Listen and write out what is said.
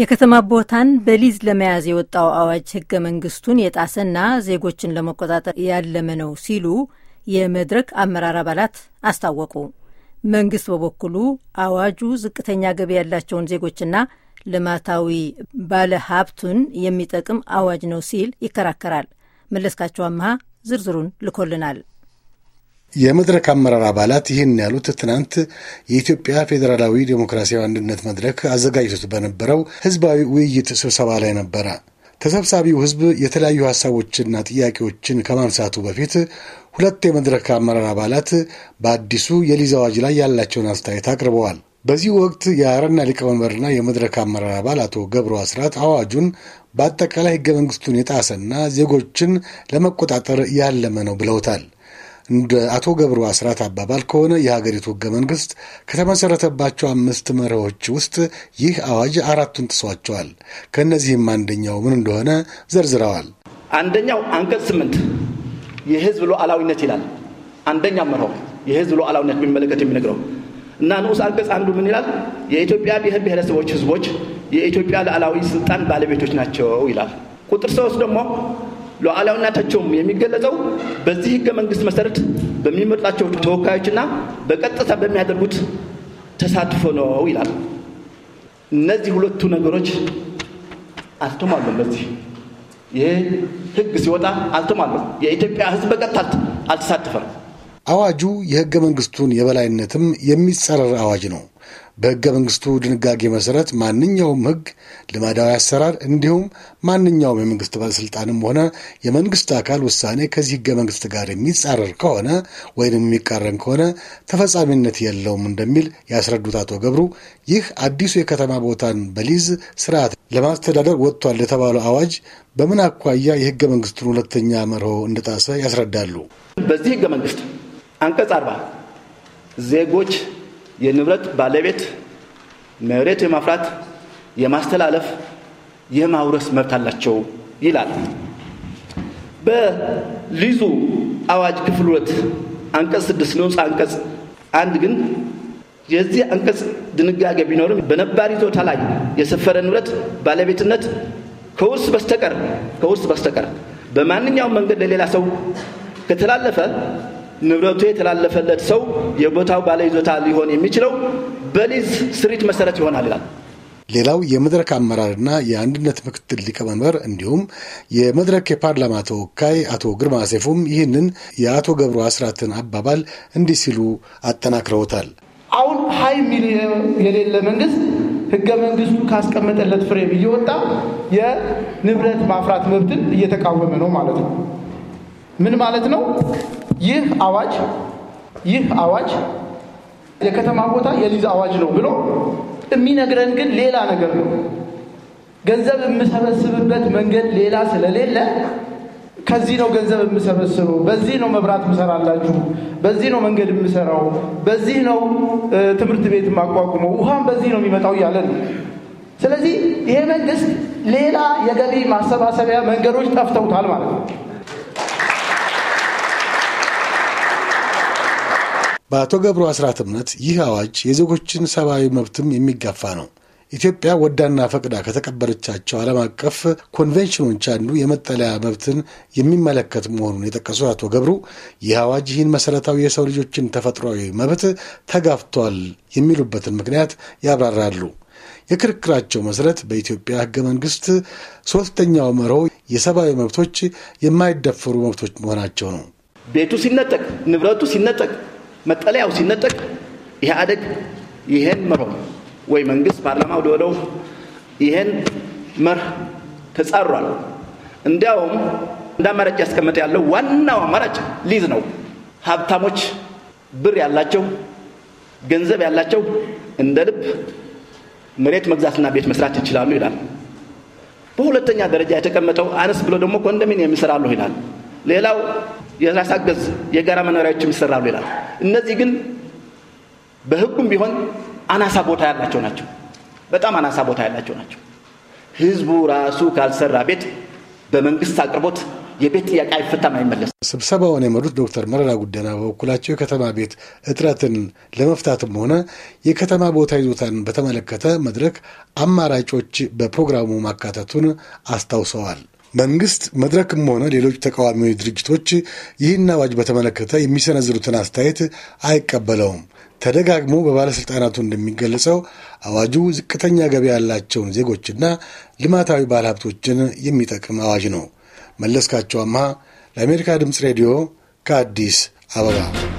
የከተማ ቦታን በሊዝ ለመያዝ የወጣው አዋጅ ህገ መንግስቱን የጣሰና ዜጎችን ለመቆጣጠር ያለመ ነው ሲሉ የመድረክ አመራር አባላት አስታወቁ። መንግስት በበኩሉ አዋጁ ዝቅተኛ ገቢ ያላቸውን ዜጎችና ልማታዊ ባለ ሀብቱን የሚጠቅም አዋጅ ነው ሲል ይከራከራል። መለስካቸው አመሃ ዝርዝሩን ልኮልናል። የመድረክ አመራር አባላት ይህን ያሉት ትናንት የኢትዮጵያ ፌዴራላዊ ዴሞክራሲያዊ አንድነት መድረክ አዘጋጅቶት በነበረው ህዝባዊ ውይይት ስብሰባ ላይ ነበረ። ተሰብሳቢው ህዝብ የተለያዩ ሀሳቦችና ጥያቄዎችን ከማንሳቱ በፊት ሁለት የመድረክ አመራር አባላት በአዲሱ የሊዝ አዋጅ ላይ ያላቸውን አስተያየት አቅርበዋል። በዚህ ወቅት የአረና ሊቀመንበርና የመድረክ አመራር አባል አቶ ገብሩ አስራት አዋጁን በአጠቃላይ ህገ መንግስቱን የጣሰና ዜጎችን ለመቆጣጠር ያለመ ነው ብለውታል። እንደ አቶ ገብሩ አስራት አባባል ከሆነ የሀገሪቱ ህገ መንግስት ከተመሰረተባቸው አምስት መርሆች ውስጥ ይህ አዋጅ አራቱን ጥሷቸዋል። ከእነዚህም አንደኛው ምን እንደሆነ ዘርዝረዋል። አንደኛው አንቀጽ ስምንት የህዝብ ሉዓላዊነት ይላል። አንደኛው መርሆ የህዝብ ሉዓላዊነት የሚመለከት የሚነግረው እና ንዑስ አንቀጽ አንዱ ምን ይላል? የኢትዮጵያ ብሔር ብሔረሰቦች ህዝቦች የኢትዮጵያ ሉዓላዊ ስልጣን ባለቤቶች ናቸው ይላል። ቁጥር ሶስት ደግሞ ሉዓላዊነታቸውም የሚገለጸው በዚህ ህገ መንግስት መሰረት በሚመርጣቸው ተወካዮችና በቀጥታ በሚያደርጉት ተሳትፎ ነው ይላል። እነዚህ ሁለቱ ነገሮች አልተሟሉም። በዚህ ይሄ ህግ ሲወጣ አልተሟሉም። የኢትዮጵያ ህዝብ በቀጥታ አልተሳተፈም። አዋጁ የህገ መንግስቱን የበላይነትም የሚጸረር አዋጅ ነው። በሕገ መንግስቱ ድንጋጌ መሠረት ማንኛውም ሕግ፣ ልማዳዊ አሰራር እንዲሁም ማንኛውም የመንግስት ባለሥልጣንም ሆነ የመንግስት አካል ውሳኔ ከዚህ ሕገ መንግስት ጋር የሚጻረር ከሆነ ወይንም የሚቃረን ከሆነ ተፈጻሚነት የለውም እንደሚል ያስረዱት አቶ ገብሩ ይህ አዲሱ የከተማ ቦታን በሊዝ ስርዓት ለማስተዳደር ወጥቷል የተባለው አዋጅ በምን አኳያ የሕገ መንግስቱን ሁለተኛ መርሆ እንደጣሰ ያስረዳሉ። በዚህ ሕገ መንግስት አንቀጽ አርባ ዜጎች የንብረት ባለቤት መሬት የማፍራት የማስተላለፍ የማውረስ መብት አላቸው ይላል። በሊዙ አዋጅ ክፍል ሁለት አንቀጽ ስድስት ንዑስ አንቀጽ አንድ ግን የዚህ አንቀጽ ድንጋጌ ቢኖርም በነባር ይዞታ ላይ የሰፈረ ንብረት ባለቤትነት ከውርስ በስተቀር ከውርስ በስተቀር በማንኛውም መንገድ ለሌላ ሰው ከተላለፈ ንብረቱ የተላለፈለት ሰው የቦታው ባለይዞታ ሊሆን የሚችለው በሊዝ ስሪት መሰረት ይሆናል ይላል። ሌላው የመድረክ አመራርና የአንድነት ምክትል ሊቀመንበር እንዲሁም የመድረክ የፓርላማ ተወካይ አቶ ግርማ ሴፉም ይህንን የአቶ ገብሩ አስራትን አባባል እንዲህ ሲሉ አጠናክረውታል። አሁን ሀይ ሚል የሌለ መንግስት ህገ መንግስቱ ካስቀመጠለት ፍሬም እየወጣ የንብረት ማፍራት መብትን እየተቃወመ ነው ማለት ነው። ምን ማለት ነው? ይህ አዋጅ ይህ አዋጅ የከተማ ቦታ የሊዝ አዋጅ ነው ብሎ የሚነግረን ግን ሌላ ነገር ነው። ገንዘብ የምሰበስብበት መንገድ ሌላ ስለሌለ ከዚህ ነው ገንዘብ የምሰበስበው፣ በዚህ ነው መብራት ምሰራላችሁ፣ በዚህ ነው መንገድ የምሰራው፣ በዚህ ነው ትምህርት ቤት የማቋቁመው፣ ውሃም በዚህ ነው የሚመጣው እያለ ነው። ስለዚህ ይሄ መንግስት ሌላ የገቢ ማሰባሰቢያ መንገዶች ጠፍተውታል ማለት ነው። በአቶ ገብሩ አስራት እምነት ይህ አዋጅ የዜጎችን ሰብአዊ መብትም የሚጋፋ ነው። ኢትዮጵያ ወዳና ፈቅዳ ከተቀበለቻቸው ዓለም አቀፍ ኮንቬንሽኖች አንዱ የመጠለያ መብትን የሚመለከት መሆኑን የጠቀሱት አቶ ገብሩ ይህ አዋጅ ይህን መሰረታዊ የሰው ልጆችን ተፈጥሯዊ መብት ተጋፍቷል የሚሉበትን ምክንያት ያብራራሉ። የክርክራቸው መሰረት በኢትዮጵያ ህገ መንግስት ሶስተኛው መርሆ የሰብአዊ መብቶች የማይደፈሩ መብቶች መሆናቸው ነው። ቤቱ ሲነጠቅ፣ ንብረቱ ሲነጠቅ መጠለያው ሲነጠቅ ኢህአደግ ይህን መርሆ ወይ መንግስት ፓርላማው ደወለው ይህን መርህ ተጻሯል። እንዲያውም እንደ አማራጭ ያስቀመጠ ያለው ዋናው አማራጭ ሊዝ ነው። ሀብታሞች ብር ያላቸው ገንዘብ ያላቸው እንደ ልብ መሬት መግዛትና ቤት መስራት ይችላሉ ይላል። በሁለተኛ ደረጃ የተቀመጠው አነስ ብሎ ደግሞ ኮንዶሚኒየም ይሰራሉ ይላል። ሌላው የራስ አገዝ የጋራ መኖሪያዎችም ይሰራሉ ይላል። እነዚህ ግን በህጉም ቢሆን አናሳ ቦታ ያላቸው ናቸው። በጣም አናሳ ቦታ ያላቸው ናቸው። ህዝቡ ራሱ ካልሰራ ቤት በመንግስት አቅርቦት የቤት ጥያቄ አይፈታም፣ አይመለስም። ስብሰባውን የመሩት ዶክተር መረራ ጉደና በበኩላቸው የከተማ ቤት እጥረትን ለመፍታትም ሆነ የከተማ ቦታ ይዞታን በተመለከተ መድረክ አማራጮች በፕሮግራሙ ማካተቱን አስታውሰዋል። መንግስት መድረክም ሆነ ሌሎች ተቃዋሚ ድርጅቶች ይህን አዋጅ በተመለከተ የሚሰነዝሩትን አስተያየት አይቀበለውም። ተደጋግሞ በባለሥልጣናቱ እንደሚገለጸው አዋጁ ዝቅተኛ ገቢ ያላቸውን ዜጎችና ልማታዊ ባለሀብቶችን የሚጠቅም አዋጅ ነው። መለስካቸው አምሃ ለአሜሪካ ድምፅ ሬዲዮ ከአዲስ አበባ